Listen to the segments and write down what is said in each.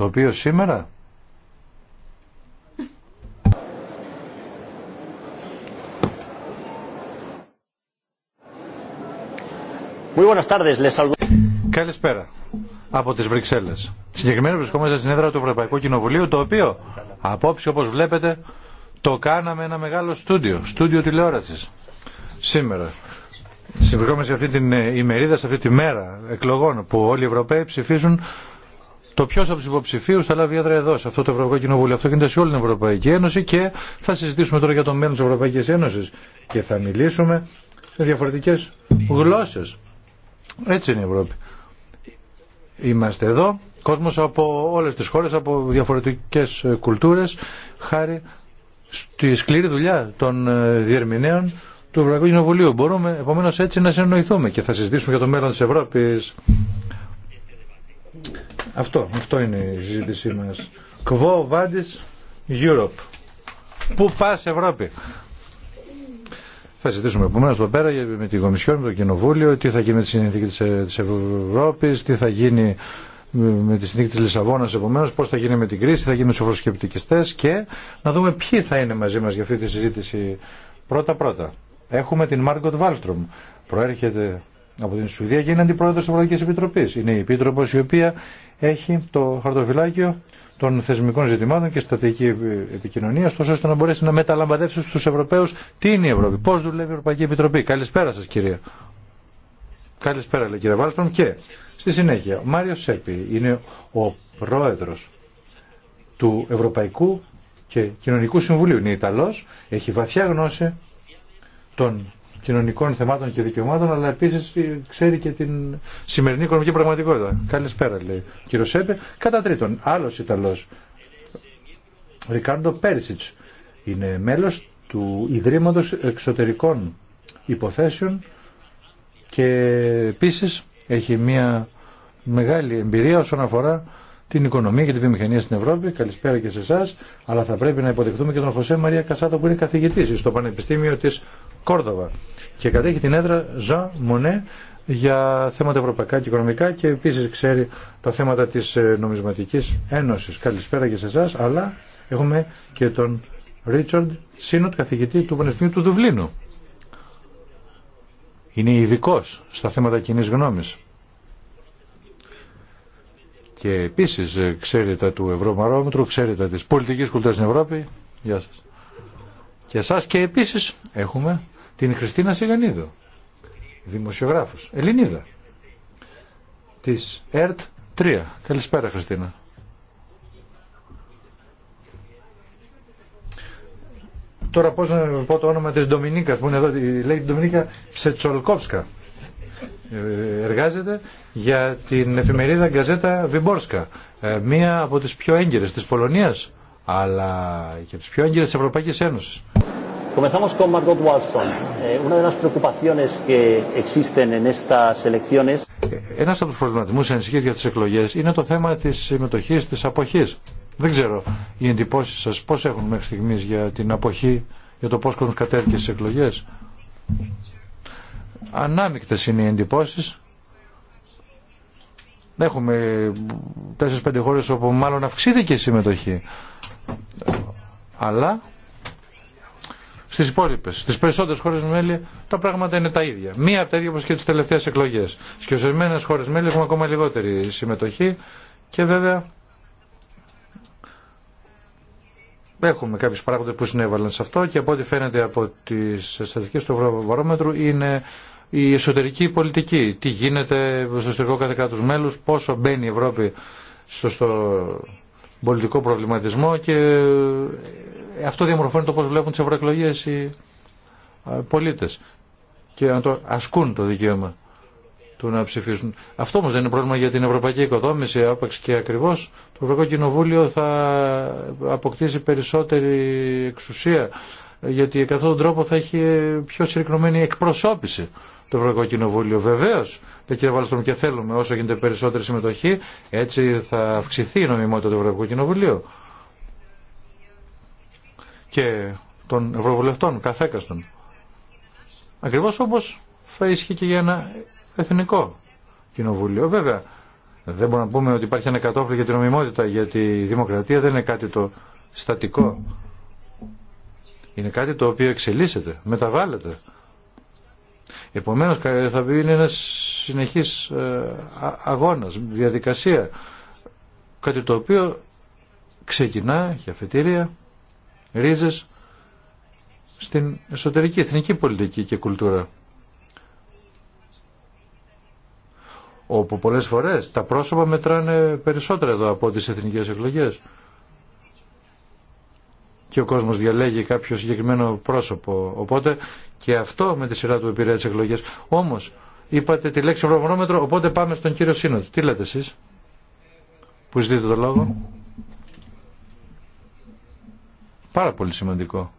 το οποίο σήμερα Καλησπέρα από τις Βρυξέλλες. Συγκεκριμένα βρισκόμαστε στην έδρα του Ευρωπαϊκού Κοινοβουλίου, το οποίο απόψε όπως βλέπετε το κάναμε ένα μεγάλο στούντιο, στούντιο τηλεόρασης. Σήμερα συμβρισκόμαστε σε αυτή την ε, ημερίδα, σε αυτή τη μέρα εκλογών που όλοι οι Ευρωπαίοι ψηφίζουν το ποιο από του υποψηφίου θα λάβει έδρα εδώ, σε αυτό το Ευρωπαϊκό Κοινοβούλιο. Αυτό γίνεται σε όλη την Ευρωπαϊκή Ένωση και θα συζητήσουμε τώρα για το μέλλον τη Ευρωπαϊκή Ένωση και θα μιλήσουμε σε διαφορετικέ γλώσσε. Έτσι είναι η Ευρώπη. Είμαστε εδώ, κόσμος από όλες τις χώρες, από διαφορετικές ε, κουλτούρες, χάρη στη σκληρή δουλειά των ε, διερμηνέων του Ευρωπαϊκού Κοινοβουλίου. Μπορούμε επομένω έτσι να συνεννοηθούμε και θα συζητήσουμε για το μέλλον της Ευρώπης. Αυτό, αυτό είναι η συζήτησή μας. Κβο Vadis Europe. Πού πας Ευρώπη. Θα συζητήσουμε επομένω εδώ πέρα με την Κομισιόν, με το Κοινοβούλιο, τι θα γίνει με τη συνθήκη τη Ευρώπη, τι θα γίνει με τη συνθήκη τη Λισαβόνα επομένω, πώ θα γίνει με την κρίση, θα γίνει με του και να δούμε ποιοι θα είναι μαζί μα για αυτή τη συζήτηση πρώτα-πρώτα. Έχουμε την Μάργκοτ Βάλστρομ. Προέρχεται από την Σουηδία και είναι αντιπρόεδρος τη Ευρωπαϊκή Επιτροπής. Είναι η επίτροπο, η οποία έχει το χαρτοφυλάκιο των θεσμικών ζητημάτων και στατική επικοινωνία, τόσο ώστε να μπορέσει να μεταλαμπαδεύσει στου Ευρωπαίους τι είναι η Ευρώπη, Πώ δουλεύει η Ευρωπαϊκή Επιτροπή. Καλησπέρα σα κυρία. Καλησπέρα λέει κύριε Βάλστρομ και στη συνέχεια ο Μάριο Σέπη είναι ο πρόεδρο του Ευρωπαϊκού και Κοινωνικού Συμβουλίου. Είναι Ιταλός, έχει βαθιά γνώση των κοινωνικών θεμάτων και δικαιωμάτων, αλλά επίση ξέρει και την σημερινή οικονομική πραγματικότητα. Καλησπέρα, λέει ο κύριο Σέπε. Κατά τρίτον, άλλο Ιταλός, Ρικάρντο Πέρσιτ είναι μέλο του ιδρύματο Εξωτερικών Υποθέσεων και επίση έχει μια μεγάλη εμπειρία όσον αφορά την οικονομία και τη βιομηχανία στην Ευρώπη. Καλησπέρα και σε εσά. Αλλά θα πρέπει να υποδεχτούμε και τον Χωσέ Μαρία Κασάτο που είναι καθηγητή στο Πανεπιστήμιο τη Κόρδοβα και κατέχει την έδρα Ζα Μονέ για θέματα ευρωπαϊκά και οικονομικά και επίσης ξέρει τα θέματα της ε, νομισματικής ένωσης. Καλησπέρα και σε εσά, αλλά έχουμε και τον Ρίτσαρντ Σίνοτ, καθηγητή του Πανεπιστημίου του Δουβλίνου. Είναι ειδικό στα θέματα κοινή γνώμη. Και επίσης ε, ξέρετε τα του Ευρωμαρόμετρου, ξέρετε τα της πολιτικής στην Ευρώπη. Γεια σας και σας και επίσης έχουμε την Χριστίνα Σιγανίδου, δημοσιογράφος, Ελληνίδα, της ΕΡΤ 3. Καλησπέρα Χριστίνα. Τώρα πώς να πω το όνομα της Ντομινίκας που είναι εδώ, λέει Ντομινίκα Ψετσολκόφσκα. Ε, εργάζεται για την εφημερίδα Γκαζέτα Βιμπόρσκα, ε, μία από τις πιο έγκυρες της Πολωνίας αλλά και τις πιο έγκυρες της Ευρωπαϊκής Ένωσης. Comenzamos eh, existen eh, Ένα από του προβληματισμού ενισχύει για τι εκλογέ είναι το θέμα τη συμμετοχή τη αποχή. Δεν ξέρω οι εντυπώσει σα πώ έχουν μέχρι στιγμή για την αποχή, για το πώ κόσμο κατέβηκε στι εκλογέ. Ανάμεικτε είναι οι εντυπώσει. Έχουμε 4-5 χώρε όπου μάλλον αυξήθηκε η συμμετοχή. Αλλά στις υπόλοιπες, στις περισσότερες χώρες μέλη τα πράγματα είναι τα ίδια. Μία από τα ίδια όπως και τις τελευταίες εκλογές. Στις ορισμένες χώρες μέλη έχουμε ακόμα λιγότερη συμμετοχή και βέβαια έχουμε κάποιους παράγοντες που συνέβαλαν σε αυτό και από ό,τι φαίνεται από τις στατιστικές του βαρόμετρου είναι η εσωτερική πολιτική. Τι γίνεται στο εσωτερικό κάθε κράτος μέλους, πόσο μπαίνει η Ευρώπη στο, στο πολιτικό προβληματισμό και ε, αυτό διαμορφώνει το πώς βλέπουν τις ευρωεκλογέ οι ε, πολίτες και να το ασκούν το δικαίωμα του να ψηφίσουν. Αυτό όμως δεν είναι πρόβλημα για την ευρωπαϊκή οικοδόμηση, άπαξ και ακριβώς το Ευρωπαϊκό Κοινοβούλιο θα αποκτήσει περισσότερη εξουσία γιατί κατά τον τρόπο θα έχει πιο συρρυκνωμένη εκπροσώπηση το Ευρωπαϊκό Κοινοβούλιο. Βεβαίω, κύριε Βαλστρομ, και θέλουμε όσο γίνεται περισσότερη συμμετοχή, έτσι θα αυξηθεί η νομιμότητα του Ευρωπαϊκού Κοινοβουλίου και των Ευρωβουλευτών καθέκαστον. Ακριβώ όπω θα ίσχυε και για ένα εθνικό κοινοβούλιο. Βέβαια, δεν μπορούμε να πούμε ότι υπάρχει ένα κατόφλι για την νομιμότητα, γιατί η δημοκρατία δεν είναι κάτι το στατικό. Είναι κάτι το οποίο εξελίσσεται, μεταβάλλεται. Επομένως θα πει είναι ένας συνεχής ε, αγώνας, διαδικασία. Κάτι το οποίο ξεκινά για φετήρια, ρίζες στην εσωτερική εθνική πολιτική και κουλτούρα. Όπου πολλές φορές τα πρόσωπα μετράνε περισσότερα εδώ από τις εθνικές εκλογές και ο κόσμος διαλέγει κάποιο συγκεκριμένο πρόσωπο. Οπότε και αυτό με τη σειρά του επηρεάζει τις εκλογές. Όμως είπατε τη λέξη ευρωβαρόμετρο, οπότε πάμε στον κύριο Σύνοδο. Τι λέτε εσείς που ζητείτε το λόγο. Πάρα πολύ σημαντικό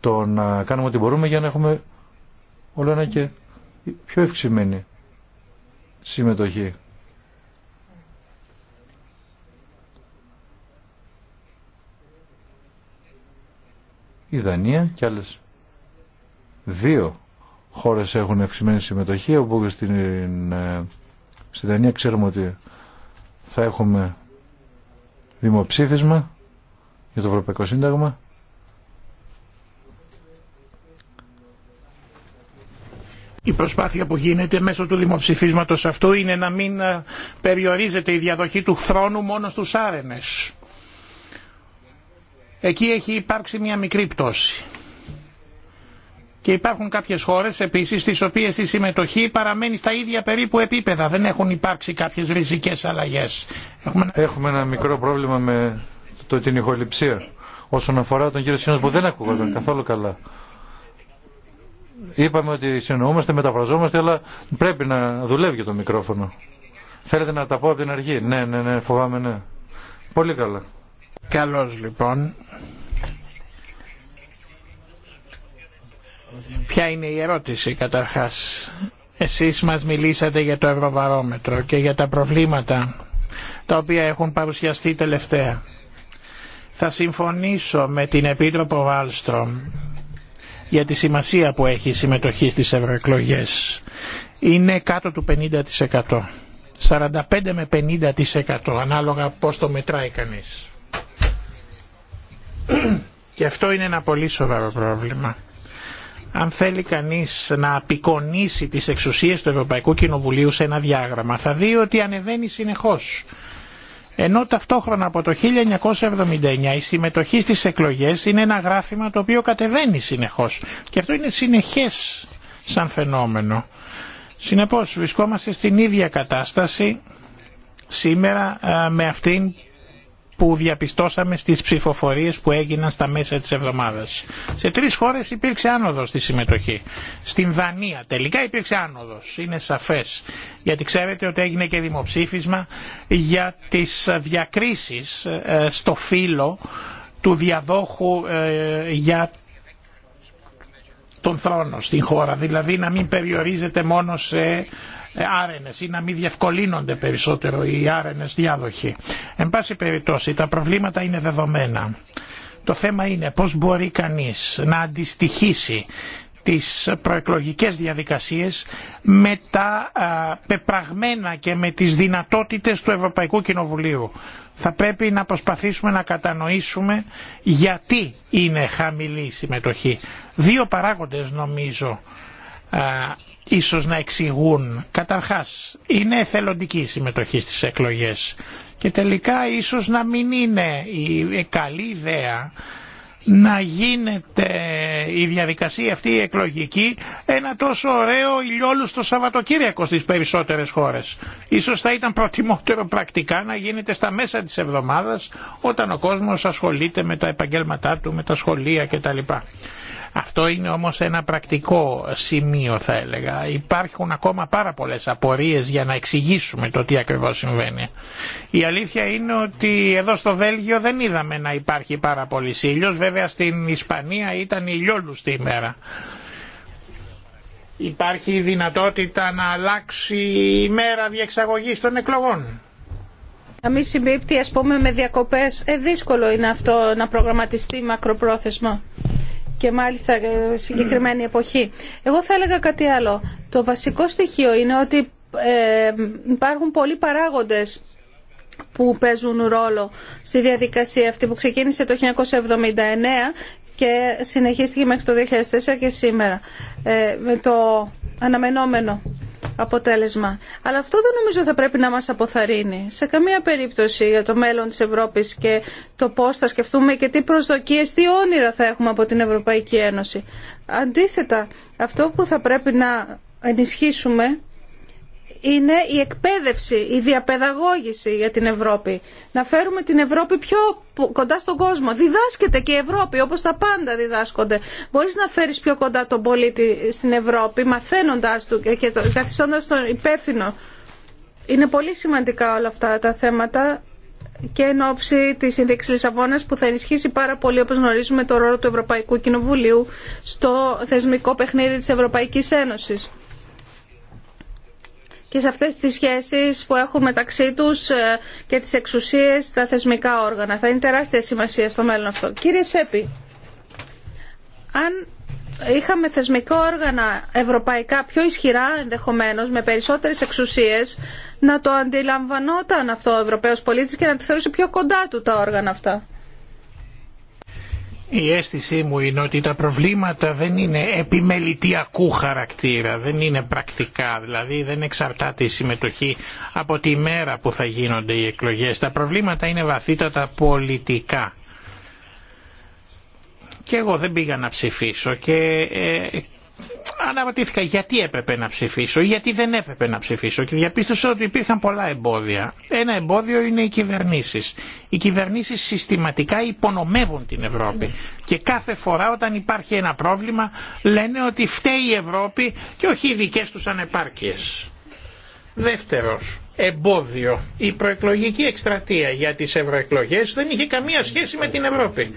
το να κάνουμε ό,τι μπορούμε για να έχουμε όλο ένα και πιο ευξημένη συμμετοχή. η Δανία και άλλες δύο χώρες έχουν αυξημένη συμμετοχή όπου στην, ε, στη Δανία ξέρουμε ότι θα έχουμε δημοψήφισμα για το Ευρωπαϊκό Σύνταγμα Η προσπάθεια που γίνεται μέσω του δημοψηφίσματος αυτού είναι να μην ε, περιορίζεται η διαδοχή του χρόνου μόνο στους άρενες εκεί έχει υπάρξει μια μικρή πτώση. Και υπάρχουν κάποιες χώρες επίσης στις οποίες η συμμετοχή παραμένει στα ίδια περίπου επίπεδα. Δεν έχουν υπάρξει κάποιες ριζικές αλλαγές. Έχουμε, Έχουμε ένα μικρό πρόβλημα με το, την ηχοληψία όσον αφορά τον κύριο Σύνος που δεν ακούγονταν καθόλου καλά. Είπαμε ότι συνοούμαστε, μεταφραζόμαστε, αλλά πρέπει να δουλεύει και το μικρόφωνο. Θέλετε να τα πω από την αρχή. Ναι, ναι, ναι, φοβάμαι, ναι. Πολύ καλά. Καλώς λοιπόν. Ποια είναι η ερώτηση καταρχάς. Εσείς μας μιλήσατε για το Ευρωβαρόμετρο και για τα προβλήματα τα οποία έχουν παρουσιαστεί τελευταία. Θα συμφωνήσω με την Επίτροπο Βάλστρομ για τη σημασία που έχει η συμμετοχή στις ευρωεκλογέ. Είναι κάτω του 50%. 45 με 50% ανάλογα πώς το μετράει κανείς. Και αυτό είναι ένα πολύ σοβαρό πρόβλημα. Αν θέλει κανείς να απεικονίσει τις εξουσίες του Ευρωπαϊκού Κοινοβουλίου σε ένα διάγραμμα, θα δει ότι ανεβαίνει συνεχώς. Ενώ ταυτόχρονα από το 1979 η συμμετοχή στις εκλογές είναι ένα γράφημα το οποίο κατεβαίνει συνεχώς. Και αυτό είναι συνεχές σαν φαινόμενο. Συνεπώς βρισκόμαστε στην ίδια κατάσταση σήμερα ε, με αυτήν που διαπιστώσαμε στις ψηφοφορίες που έγιναν στα μέσα της εβδομάδας. Σε τρεις χώρες υπήρξε άνοδος στη συμμετοχή. Στην Δανία τελικά υπήρξε άνοδος, είναι σαφές. Γιατί ξέρετε ότι έγινε και δημοψήφισμα για τις διακρίσεις ε, στο φύλλο του διαδόχου ε, για τον θρόνο στην χώρα, δηλαδή να μην περιορίζεται μόνο σε ε, άρενες ή να μην διευκολύνονται περισσότερο οι άρενες διάδοχοι. Εν πάση περιπτώσει τα προβλήματα είναι δεδομένα. Το θέμα είναι πώς μπορεί κανείς να αντιστοιχίσει τις προεκλογικές διαδικασίες με τα πεπραγμένα και με τις δυνατότητες του Ευρωπαϊκού Κοινοβουλίου. Θα πρέπει να προσπαθήσουμε να κατανοήσουμε γιατί είναι χαμηλή η συμμετοχή. Δύο παράγοντες νομίζω ίσως να εξηγούν. Καταρχάς, είναι εθελοντική η συμμετοχή στις εκλογές και τελικά ίσως να μην είναι η καλή ιδέα να γίνεται η διαδικασία αυτή η εκλογική ένα τόσο ωραίο ηλιόλουστο Σαββατοκύριακο στις περισσότερες χώρες. Ίσως θα ήταν προτιμότερο πρακτικά να γίνεται στα μέσα της εβδομάδας όταν ο κόσμος ασχολείται με τα επαγγέλματά του, με τα σχολεία κτλ. Αυτό είναι όμως ένα πρακτικό σημείο θα έλεγα. Υπάρχουν ακόμα πάρα πολλές απορίες για να εξηγήσουμε το τι ακριβώς συμβαίνει. Η αλήθεια είναι ότι εδώ στο Βέλγιο δεν είδαμε να υπάρχει πάρα πολύ ήλιος. Βέβαια στην Ισπανία ήταν ηλιόλουστη ημέρα. Υπάρχει δυνατότητα να αλλάξει η μέρα διεξαγωγής των εκλογών. Να μην συμπίπτει ας πούμε με διακοπές. Ε, δύσκολο είναι αυτό να προγραμματιστεί μακροπρόθεσμα και μάλιστα ε, συγκεκριμένη εποχή. Εγώ θα έλεγα κάτι άλλο. Το βασικό στοιχείο είναι ότι ε, υπάρχουν πολλοί παράγοντες που παίζουν ρόλο στη διαδικασία αυτή που ξεκίνησε το 1979 και συνεχίστηκε μέχρι το 2004 και σήμερα ε, με το αναμενόμενο αποτέλεσμα. Αλλά αυτό δεν νομίζω θα πρέπει να μας αποθαρρύνει σε καμία περίπτωση για το μέλλον της Ευρώπης και το πώς θα σκεφτούμε και τι προσδοκίες, τι όνειρα θα έχουμε από την Ευρωπαϊκή Ένωση. Αντίθετα, αυτό που θα πρέπει να ενισχύσουμε είναι η εκπαίδευση, η διαπαιδαγώγηση για την Ευρώπη. Να φέρουμε την Ευρώπη πιο κοντά στον κόσμο. Διδάσκεται και η Ευρώπη όπως τα πάντα διδάσκονται. Μπορείς να φέρεις πιο κοντά τον πολίτη στην Ευρώπη μαθαίνοντάς του και καθιστώντας τον υπεύθυνο. Είναι πολύ σημαντικά όλα αυτά τα θέματα και εν ώψη τη Σύνδεξη Λισαβόνα που θα ενισχύσει πάρα πολύ, όπω γνωρίζουμε, το ρόλο του Ευρωπαϊκού Κοινοβουλίου στο θεσμικό παιχνίδι τη Ευρωπαϊκή Ένωση και σε αυτές τις σχέσεις που έχουν μεταξύ τους ε, και τις εξουσίες τα θεσμικά όργανα. Θα είναι τεράστια σημασία στο μέλλον αυτό. Κύριε Σέπη, αν είχαμε θεσμικά όργανα ευρωπαϊκά πιο ισχυρά ενδεχομένως με περισσότερες εξουσίες να το αντιλαμβανόταν αυτό ο Ευρωπαίος πολίτης και να τη θεωρούσε πιο κοντά του τα όργανα αυτά. Η αίσθησή μου είναι ότι τα προβλήματα δεν είναι επιμελητιακού χαρακτήρα, δεν είναι πρακτικά, δηλαδή δεν εξαρτάται η συμμετοχή από τη μέρα που θα γίνονται οι εκλογές. Τα προβλήματα είναι βαθύτατα πολιτικά. Και εγώ δεν πήγα να ψηφίσω και ε, αναρωτήθηκα γιατί έπρεπε να ψηφίσω, γιατί δεν έπρεπε να ψηφίσω και διαπίστωσα ότι υπήρχαν πολλά εμπόδια. Ένα εμπόδιο είναι οι κυβερνήσει. Οι κυβερνήσει συστηματικά υπονομεύουν την Ευρώπη. Και κάθε φορά όταν υπάρχει ένα πρόβλημα λένε ότι φταίει η Ευρώπη και όχι οι δικέ του ανεπάρκειε. Δεύτερος, εμπόδιο. Η προεκλογική εκστρατεία για τις ευρωεκλογέ δεν είχε καμία σχέση με την Ευρώπη.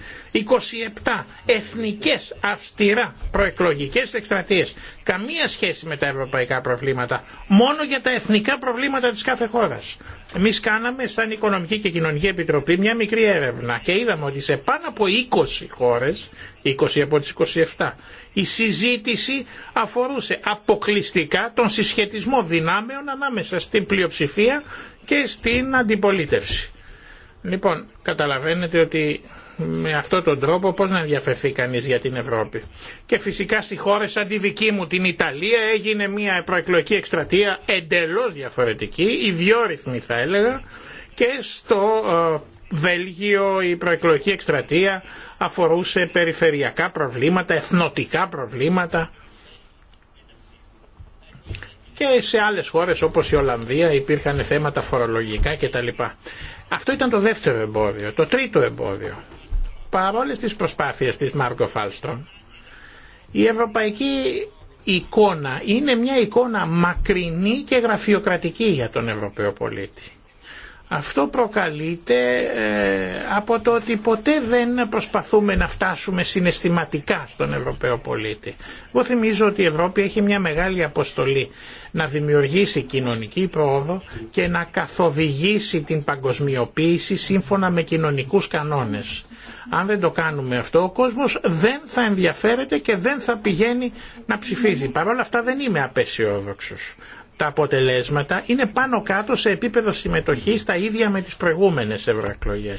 27 εθνικές αυστηρά προεκλογικές εκστρατείες. Καμία σχέση με τα ευρωπαϊκά προβλήματα. Μόνο για τα εθνικά προβλήματα της κάθε χώρας. Εμείς κάναμε σαν Οικονομική και Κοινωνική Επιτροπή μια μικρή έρευνα και είδαμε ότι σε πάνω από 20 χώρες, 20 από τις 27, η συζήτηση αφορούσε αποκλειστικά τον συσχετισμό δυνάμεων ανάμεσα στην πλειοψηφία και στην αντιπολίτευση. Λοιπόν, καταλαβαίνετε ότι με αυτόν τον τρόπο πώς να ενδιαφερθεί κανείς για την Ευρώπη. Και φυσικά στη χώρα σαν τη δική μου την Ιταλία έγινε μια προεκλογική εκστρατεία εντελώς διαφορετική, ιδιόρυθμη θα έλεγα, και στο ε, Βέλγιο η προεκλογική εκστρατεία αφορούσε περιφερειακά προβλήματα, εθνοτικά προβλήματα και σε άλλες χώρες όπως η Ολλανδία υπήρχαν θέματα φορολογικά κτλ. Αυτό ήταν το δεύτερο εμπόδιο, το τρίτο εμπόδιο. Παρόλες τις προσπάθειες της Μάρκο Φάλστρον η ευρωπαϊκή εικόνα είναι μια εικόνα μακρινή και γραφειοκρατική για τον Ευρωπαίο πολίτη. Αυτό προκαλείται ε, από το ότι ποτέ δεν προσπαθούμε να φτάσουμε συναισθηματικά στον Ευρωπαίο πολίτη. Εγώ θυμίζω ότι η Ευρώπη έχει μια μεγάλη αποστολή να δημιουργήσει κοινωνική πρόοδο και να καθοδηγήσει την παγκοσμιοποίηση σύμφωνα με κοινωνικούς κανόνες. Αν δεν το κάνουμε αυτό, ο κόσμος δεν θα ενδιαφέρεται και δεν θα πηγαίνει να ψηφίζει. Παρ' όλα αυτά δεν είμαι απεσιόδοξος τα αποτελέσματα είναι πάνω κάτω σε επίπεδο συμμετοχής τα ίδια με τις προηγούμενες ευρωεκλογέ.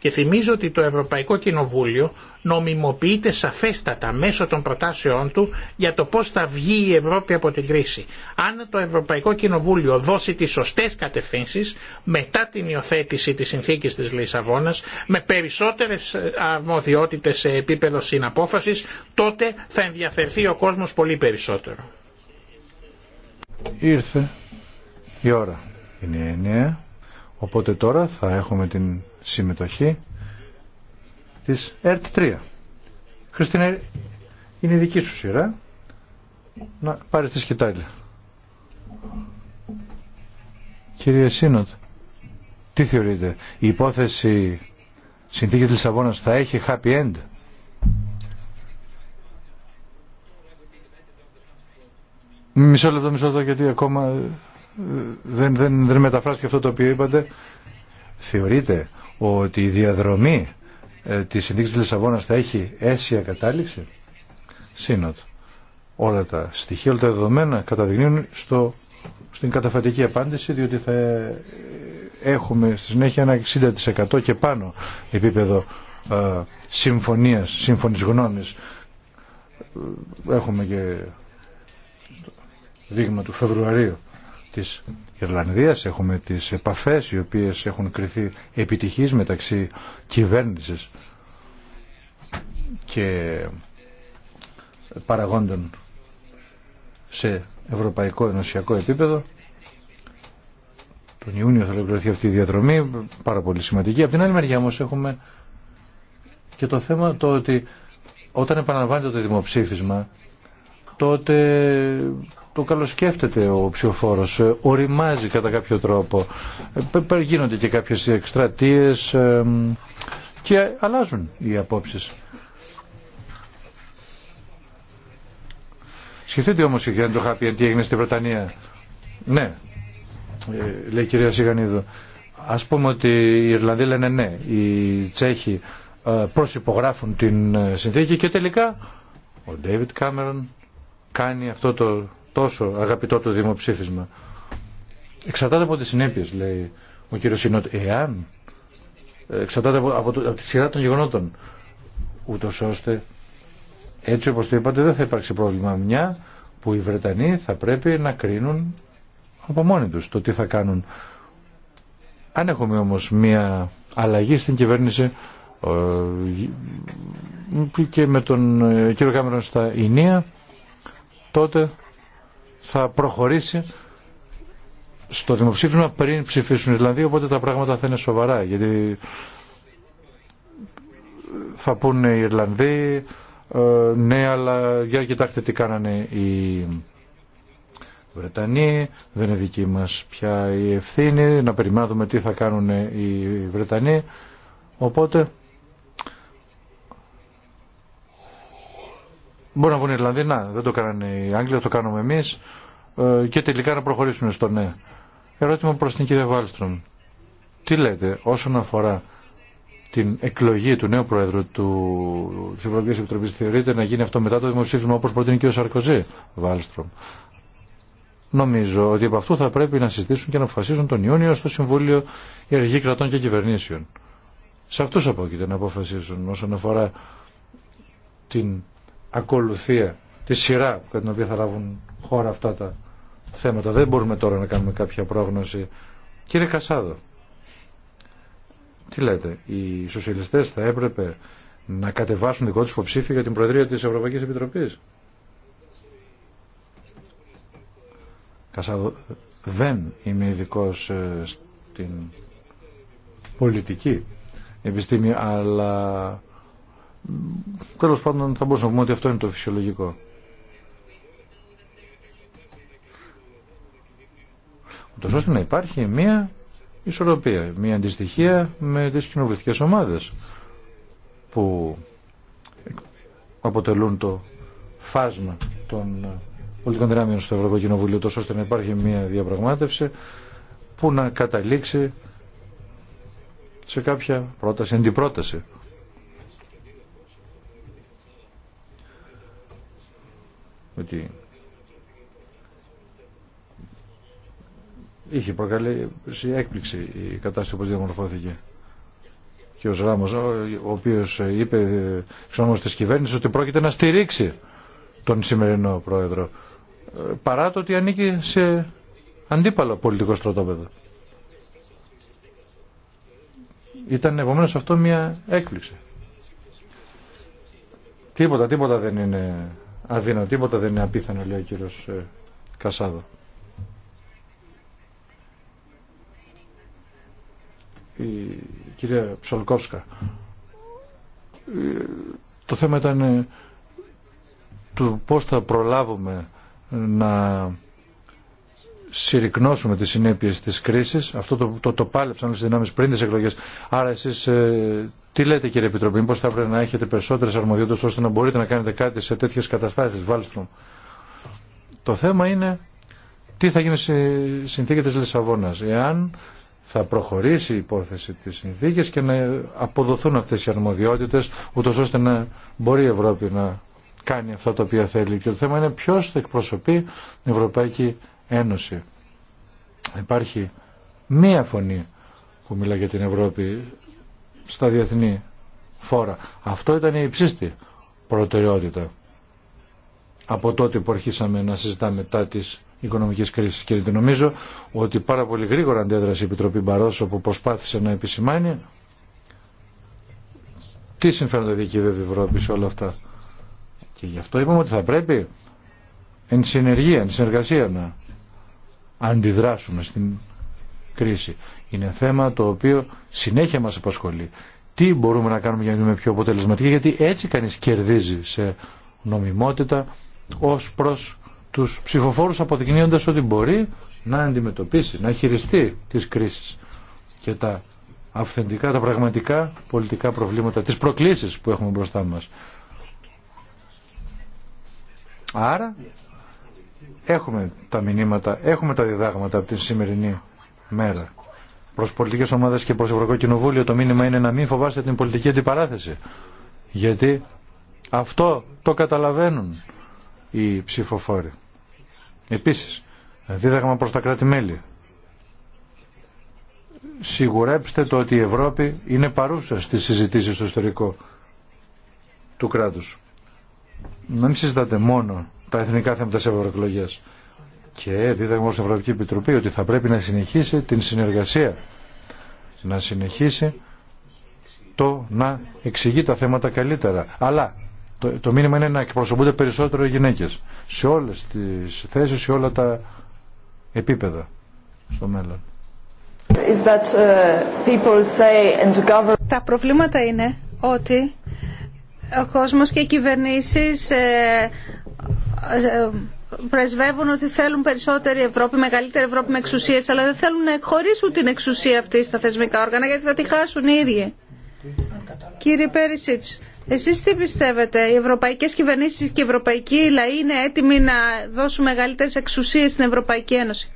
Και θυμίζω ότι το Ευρωπαϊκό Κοινοβούλιο νομιμοποιείται σαφέστατα μέσω των προτάσεών του για το πώ θα βγει η Ευρώπη από την κρίση. Αν το Ευρωπαϊκό Κοινοβούλιο δώσει τις σωστές κατευθύνσεις μετά την υιοθέτηση τη συνθήκη τη Λισαβόνα με περισσότερε ε, αρμοδιότητες σε επίπεδο συναπόφαση, τότε θα ενδιαφερθεί ο κόσμο πολύ περισσότερο. Ήρθε η ώρα. Είναι 9. Οπότε τώρα θα έχουμε την συμμετοχή της ΕΡΤ3. Χριστίνα, είναι δική σου σειρά να πάρεις τη σκητάλη. Κύριε Σύνοτ, τι θεωρείτε, η υπόθεση συνθήκης Λισαβόνας θα έχει happy end. Μισό λεπτό, μισό λεπτό, γιατί ακόμα ε, δεν, δεν, δεν μεταφράστηκε αυτό το οποίο είπατε. Θεωρείτε ότι η διαδρομή ε, της συνθήκης της Λισαβόνας θα έχει αίσια κατάληξη. Σύνοτ. Όλα τα στοιχεία, όλα τα δεδομένα καταδεικνύουν στο, στην καταφατική απάντηση, διότι θα ε, έχουμε στη συνέχεια ένα 60% και πάνω επίπεδο ε, συμφωνίας, σύμφωνης γνώμης. Ε, έχουμε και δείγμα του Φεβρουαρίου της Ιρλανδίας, έχουμε τις επαφές οι οποίες έχουν κριθεί επιτυχής μεταξύ κυβέρνησης και παραγόντων σε ευρωπαϊκό ενωσιακό επίπεδο. Τον Ιούνιο θα ολοκληρωθεί αυτή η διαδρομή, πάρα πολύ σημαντική. Από την άλλη μεριά όμως έχουμε και το θέμα το ότι όταν επαναλαμβάνεται το δημοψήφισμα τότε το καλοσκέφτεται ο ψηφοφόρος, ε, οριμάζει κατά κάποιο τρόπο. Ε, γίνονται και κάποιες εκστρατείες ε, και αλλάζουν οι απόψεις. Σκεφτείτε όμως και το πει τι έγινε στη Βρετανία. Ναι, λέει η κυρία Σιγανίδου. Ας πούμε ότι οι Ιρλανδοί λένε ναι, οι Τσέχοι προσυπογράφουν την συνθήκη και τελικά ο Ντέιβιτ Κάμερον κάνει αυτό το τόσο αγαπητό το δημοψήφισμα. Εξαρτάται από τις συνέπειες, λέει ο κύριο Σινότ. Εάν εξαρτάται από, από τη σειρά των γεγονότων, ούτως ώστε έτσι όπως το είπατε δεν θα υπάρξει πρόβλημα μια που οι Βρετανοί θα πρέπει να κρίνουν από μόνοι τους το τι θα κάνουν. Αν έχουμε όμως μια αλλαγή στην κυβέρνηση ε, και με τον ε, κύριο Κάμερον στα Ινία τότε θα προχωρήσει στο δημοψήφισμα πριν ψηφίσουν οι Ιρλανδοί, οπότε τα πράγματα θα είναι σοβαρά, γιατί θα πούνε οι Ιρλανδοί, ε, ναι, αλλά για κοιτάξτε τι κάνανε οι Βρετανοί, δεν είναι δική μας πια η ευθύνη, να περιμένουμε τι θα κάνουν οι Βρετανοί, οπότε Μπορεί να οι Ιρλανδοί, να, δεν το κάνανε οι Άγγλοι, το κάνουμε εμείς ε, και τελικά να προχωρήσουν στο ναι. Ερώτημα προ την κυρία Βάλστρομ. Τι λέτε όσον αφορά την εκλογή του νέου Προέδρου του... της Ευρωπαϊκής Επιτροπής θεωρείται να γίνει αυτό μετά το δημοψήφισμα όπω προτείνει και ο Σαρκοζή Βάλστρομ. Νομίζω ότι από αυτού θα πρέπει να συζητήσουν και να αποφασίσουν τον Ιούνιο στο Συμβούλιο οι Κρατών και Κυβερνήσεων. Σε αυτού απόκειται να αποφασίσουν όσον αφορά την ακολουθία, τη σειρά κατά την οποία θα λάβουν χώρα αυτά τα θέματα. Δεν μπορούμε τώρα να κάνουμε κάποια πρόγνωση. Κύριε Κασάδο, τι λέτε, οι σοσιαλιστές θα έπρεπε να κατεβάσουν δικό τους υποψήφιο για την Προεδρία της Ευρωπαϊκής Επιτροπής. Κασάδο, δεν είμαι ειδικό ε, στην πολιτική επιστήμη, αλλά τέλος πάντων θα μπορούσαμε να πούμε ότι αυτό είναι το φυσιολογικό. Ούτως ώστε να υπάρχει μία ισορροπία, μία αντιστοιχία με τις κοινοβουλευτικές ομάδες που αποτελούν το φάσμα των πολιτικών δυνάμεων στο Ευρωπαϊκό Κοινοβούλιο τόσο ώστε να υπάρχει μια διαπραγμάτευση που να καταλήξει σε κάποια πρόταση, αντιπρόταση ότι είχε σε έκπληξη η κατάσταση που διαμορφώθηκε. Και ο Ζράμος, ο οποίος είπε εξ όμως της κυβέρνησης ότι πρόκειται να στηρίξει τον σημερινό πρόεδρο παρά το ότι ανήκει σε αντίπαλο πολιτικό στρατόπεδο. Ήταν επομένως αυτό μια έκπληξη. Τίποτα, τίποτα δεν είναι αδύνατο. Τίποτα δεν είναι απίθανο, λέει ο κύριος ε, Κασάδο. Η κυρία Ψολκόφσκα. Ε, το θέμα ήταν ε, του πώς θα προλάβουμε να συρρυκνώσουμε τις συνέπειες της κρίσης. Αυτό το, το, το πάλεψαν όλες τις δυνάμεις πριν τις εκλογές. Άρα εσείς ε, τι λέτε κύριε Επιτροπή, πώς θα έπρεπε να έχετε περισσότερες αρμοδιότητες ώστε να μπορείτε να κάνετε κάτι σε τέτοιες καταστάσεις, Βάλστρομ. Το θέμα είναι τι θα γίνει στη συνθήκη της Λισαβόνας, εάν θα προχωρήσει η υπόθεση της συνθήκης και να αποδοθούν αυτές οι αρμοδιότητες, ούτως ώστε να μπορεί η Ευρώπη να κάνει αυτά τα οποία θέλει. Και το θέμα είναι ποιος θα εκπροσωπεί την Ευρωπαϊκή Ένωση. Υπάρχει μία φωνή που μιλά για την Ευρώπη στα διεθνή φόρα. Αυτό ήταν η υψίστη προτεραιότητα από τότε που αρχίσαμε να συζητάμε μετά τις οικονομικής κρίσης και νομίζω ότι πάρα πολύ γρήγορα αντέδρασε η Επιτροπή Μπαρόσο που προσπάθησε να επισημάνει τι συμφέροντα διακυβεύει η Ευρώπη σε όλα αυτά. Και γι' αυτό είπαμε ότι θα πρέπει εν συνεργία, εν συνεργασία να αντιδράσουμε στην κρίση. Είναι θέμα το οποίο συνέχεια μας απασχολεί. Τι μπορούμε να κάνουμε για να είμαστε πιο αποτελεσματικοί, γιατί έτσι κανείς κερδίζει σε νομιμότητα ως προς τους ψηφοφόρους αποδεικνύοντας ότι μπορεί να αντιμετωπίσει, να χειριστεί τις κρίσεις και τα αυθεντικά, τα πραγματικά πολιτικά προβλήματα, τις προκλήσεις που έχουμε μπροστά μας. Άρα Έχουμε τα μηνύματα, έχουμε τα διδάγματα από τη σημερινή μέρα. Προ πολιτικέ ομάδε και προ Ευρωπαϊκό Κοινοβούλιο το μήνυμα είναι να μην φοβάστε την πολιτική αντιπαράθεση. Γιατί αυτό το καταλαβαίνουν οι ψηφοφόροι. Επίσης, δίδαγμα προς τα κράτη-μέλη. Σιγουρέψτε το ότι η Ευρώπη είναι παρούσα στι συζητήσει στο ιστορικό του κράτου. Να μην συζητάτε μόνο τα εθνικά θέματα σε ευρωεκλογέ. Και δίδαγμα στην Ευρωπαϊκή Επιτροπή ότι θα πρέπει να συνεχίσει την συνεργασία. Να συνεχίσει το να εξηγεί τα θέματα καλύτερα. Αλλά το, το μήνυμα είναι να εκπροσωπούνται περισσότερο οι γυναίκες σε όλες τις θέσεις, σε όλα τα επίπεδα στο μέλλον. Uh, τα προβλήματα είναι ότι ο κόσμος και οι κυβερνήσεις ε, πρεσβεύουν ότι θέλουν περισσότερη Ευρώπη, μεγαλύτερη Ευρώπη με εξουσίες, αλλά δεν θέλουν να χωρίσουν την εξουσία αυτή στα θεσμικά όργανα γιατί θα τη χάσουν οι ίδιοι. Κύριε Πέρισιτς, εσείς τι πιστεύετε, οι ευρωπαϊκές κυβερνήσεις και οι ευρωπαϊκοί λαοί είναι έτοιμοι να δώσουν μεγαλύτερες εξουσίες στην Ευρωπαϊκή Ένωση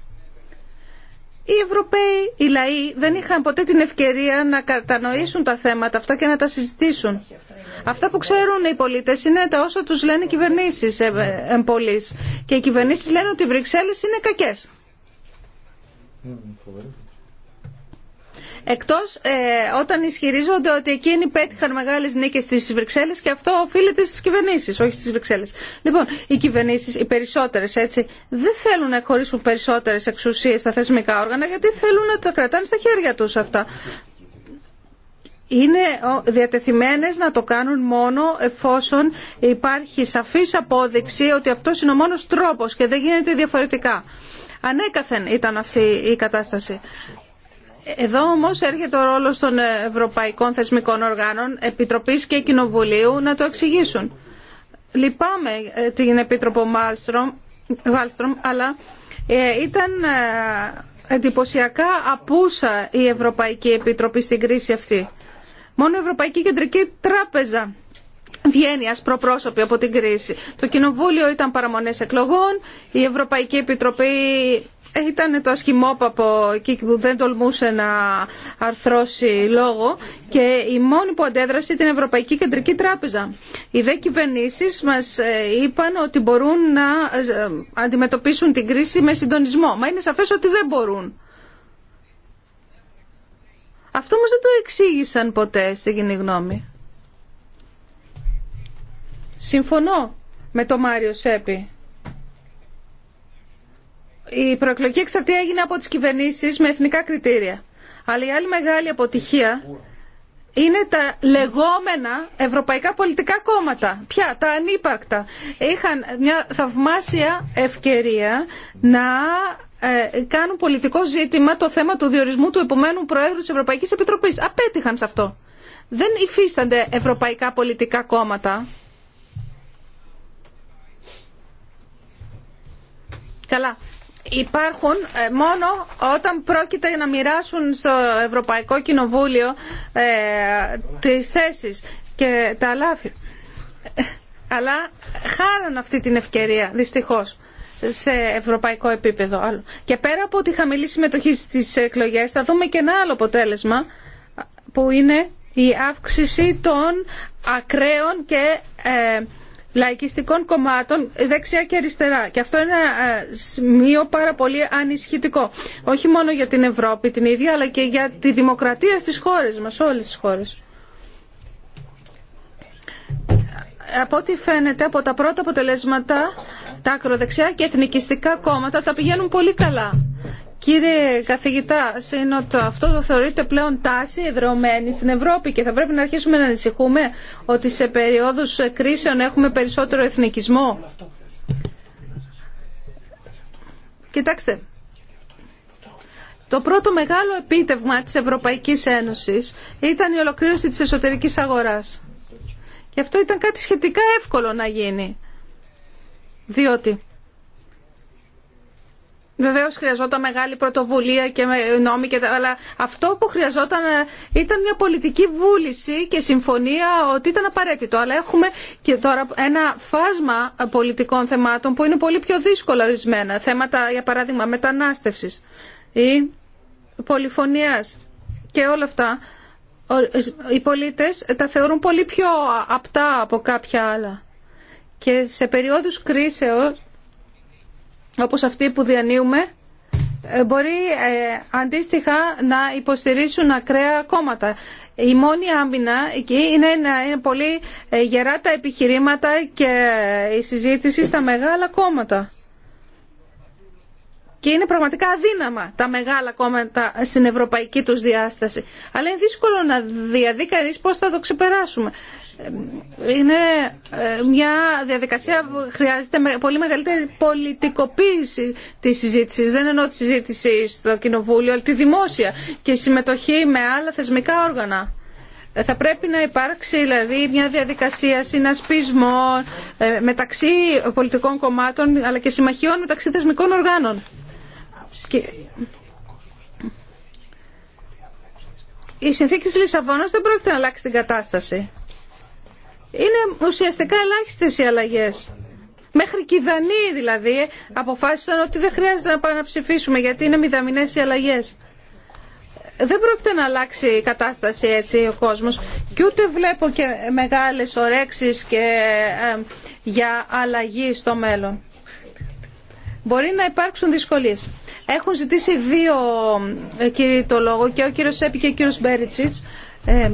οι Ευρωπαίοι, οι λαοί δεν είχαν ποτέ την ευκαιρία να κατανοήσουν τα θέματα αυτά και να τα συζητήσουν. Αυτά που ξέρουν οι πολίτες είναι τα όσα τους λένε οι κυβερνήσεις εμπολής. Και οι κυβερνήσεις λένε ότι οι Βρυξέλλες είναι κακές. Εκτός ε, όταν ισχυρίζονται ότι εκείνοι πέτυχαν μεγάλες νίκες στις Βρυξέλλες και αυτό οφείλεται στις κυβερνήσεις, όχι στις Βρυξέλλες. Λοιπόν, οι κυβερνήσεις, οι περισσότερες έτσι, δεν θέλουν να χωρίσουν περισσότερες εξουσίες στα θεσμικά όργανα γιατί θέλουν να τα κρατάνε στα χέρια τους αυτά. Είναι διατεθειμένες να το κάνουν μόνο εφόσον υπάρχει σαφής απόδειξη ότι αυτό είναι ο μόνος τρόπος και δεν γίνεται διαφορετικά. Ανέκαθεν ήταν αυτή η κατάσταση. Εδώ όμως έρχεται ο ρόλος των ευρωπαϊκών θεσμικών οργάνων, Επιτροπής και Κοινοβουλίου να το εξηγήσουν. Λυπάμαι ε, την Επίτροπο Βάλστρομ, αλλά ε, ήταν ε, εντυπωσιακά απούσα η Ευρωπαϊκή Επιτροπή στην κρίση αυτή. Μόνο η Ευρωπαϊκή Κεντρική Τράπεζα βγαίνει ασπροπρόσωπη από την κρίση. Το Κοινοβούλιο ήταν παραμονές εκλογών, η Ευρωπαϊκή Επιτροπή ήταν το ασχημόπαπο εκεί που δεν τολμούσε να αρθρώσει λόγο και η μόνη που αντέδρασε ήταν η Ευρωπαϊκή Κεντρική Τράπεζα. Οι δε κυβερνήσει μας ε, είπαν ότι μπορούν να ε, αντιμετωπίσουν την κρίση με συντονισμό. Μα είναι σαφέ ότι δεν μπορούν. Αυτό όμω δεν το εξήγησαν ποτέ στην κοινή γνώμη. Συμφωνώ με τον Μάριο Σέπη η προεκλογική εξαρτία έγινε από τις κυβερνήσεις με εθνικά κριτήρια. Αλλά η άλλη μεγάλη αποτυχία είναι τα λεγόμενα ευρωπαϊκά πολιτικά κόμματα. Ποια, τα ανύπαρκτα. Είχαν μια θαυμάσια ευκαιρία να ε, κάνουν πολιτικό ζήτημα το θέμα του διορισμού του επομένου Προέδρου της Ευρωπαϊκής Επιτροπής. Απέτυχαν σε αυτό. Δεν υφίστανται ευρωπαϊκά πολιτικά κόμματα. Καλά υπάρχουν ε, μόνο όταν πρόκειται να μοιράσουν στο Ευρωπαϊκό Κοινοβούλιο ε, τις θέσεις και τα λάθη. Αλλά χάραν αυτή την ευκαιρία, δυστυχώς σε ευρωπαϊκό επίπεδο. Άλλο. Και πέρα από τη χαμηλή συμμετοχή στις εκλογές θα δούμε και ένα άλλο αποτέλεσμα που είναι η αύξηση των ακραίων και ε, λαϊκιστικών κομμάτων δεξιά και αριστερά. Και αυτό είναι ένα ε, σημείο πάρα πολύ ανησυχητικό. Όχι μόνο για την Ευρώπη την ίδια, αλλά και για τη δημοκρατία στις χώρες μας, όλες τις χώρες. Από ό,τι φαίνεται από τα πρώτα αποτελέσματα, τα ακροδεξιά και εθνικιστικά κόμματα τα πηγαίνουν πολύ καλά. Κύριε καθηγητά, Σύνοτο, αυτό το θεωρείτε πλέον τάση εδρεωμένη στην Ευρώπη και θα πρέπει να αρχίσουμε να ανησυχούμε ότι σε περίοδους κρίσεων έχουμε περισσότερο εθνικισμό. Κοιτάξτε, το πρώτο μεγάλο επίτευγμα της Ευρωπαϊκής Ένωσης ήταν η ολοκλήρωση της εσωτερικής αγοράς. Και αυτό ήταν κάτι σχετικά εύκολο να γίνει. Διότι Βεβαίω χρειαζόταν μεγάλη πρωτοβουλία και νόμοι, και, αλλά αυτό που χρειαζόταν ε, ήταν μια πολιτική βούληση και συμφωνία ότι ήταν απαραίτητο. Αλλά έχουμε και τώρα ένα φάσμα πολιτικών θεμάτων που είναι πολύ πιο δύσκολα ορισμένα. Θέματα, για παράδειγμα, μετανάστευση ή πολυφωνία και όλα αυτά. Ε, οι πολίτες τα θεωρούν πολύ πιο απτά από κάποια άλλα. Και σε περίοδους κρίσεως όπως αυτή που διανύουμε ε, μπορεί ε, αντίστοιχα να υποστηρίσουν ακραία κόμματα. Η μόνη άμυνα εκεί είναι να είναι πολύ ε, γερά τα επιχειρήματα και η συζήτηση στα μεγάλα κόμματα και είναι πραγματικά αδύναμα τα μεγάλα κόμματα στην ευρωπαϊκή τους διάσταση. Αλλά είναι δύσκολο να διαδεί κανείς πώς θα το ξεπεράσουμε. Είναι ε, μια διαδικασία που χρειάζεται πολύ μεγαλύτερη πολιτικοποίηση της συζήτησης. Δεν εννοώ τη συζήτηση στο Κοινοβούλιο, αλλά τη δημόσια και συμμετοχή με άλλα θεσμικά όργανα. Ε, θα πρέπει να υπάρξει δηλαδή μια διαδικασία συνασπισμών ε, μεταξύ πολιτικών κομμάτων αλλά και συμμαχιών μεταξύ θεσμικών οργάνων. Η συνθήκη της Λισαβόνας δεν πρόκειται να αλλάξει την κατάσταση. Είναι ουσιαστικά ελάχιστες οι αλλαγές. Μέχρι και οι Δανείοι δηλαδή αποφάσισαν ότι δεν χρειάζεται να ψηφίσουμε γιατί είναι μηδαμινές οι αλλαγές. Δεν πρόκειται να αλλάξει η κατάσταση έτσι ο κόσμος και ούτε βλέπω και μεγάλες ορέξεις και, ε, για αλλαγή στο μέλλον. Μπορεί να υπάρξουν δυσκολίες. Έχουν ζητήσει δύο ε, κύριοι το λόγο και ο κύριος Σέπη και ο κύριος Μπέριτσιτς. Ε, ε,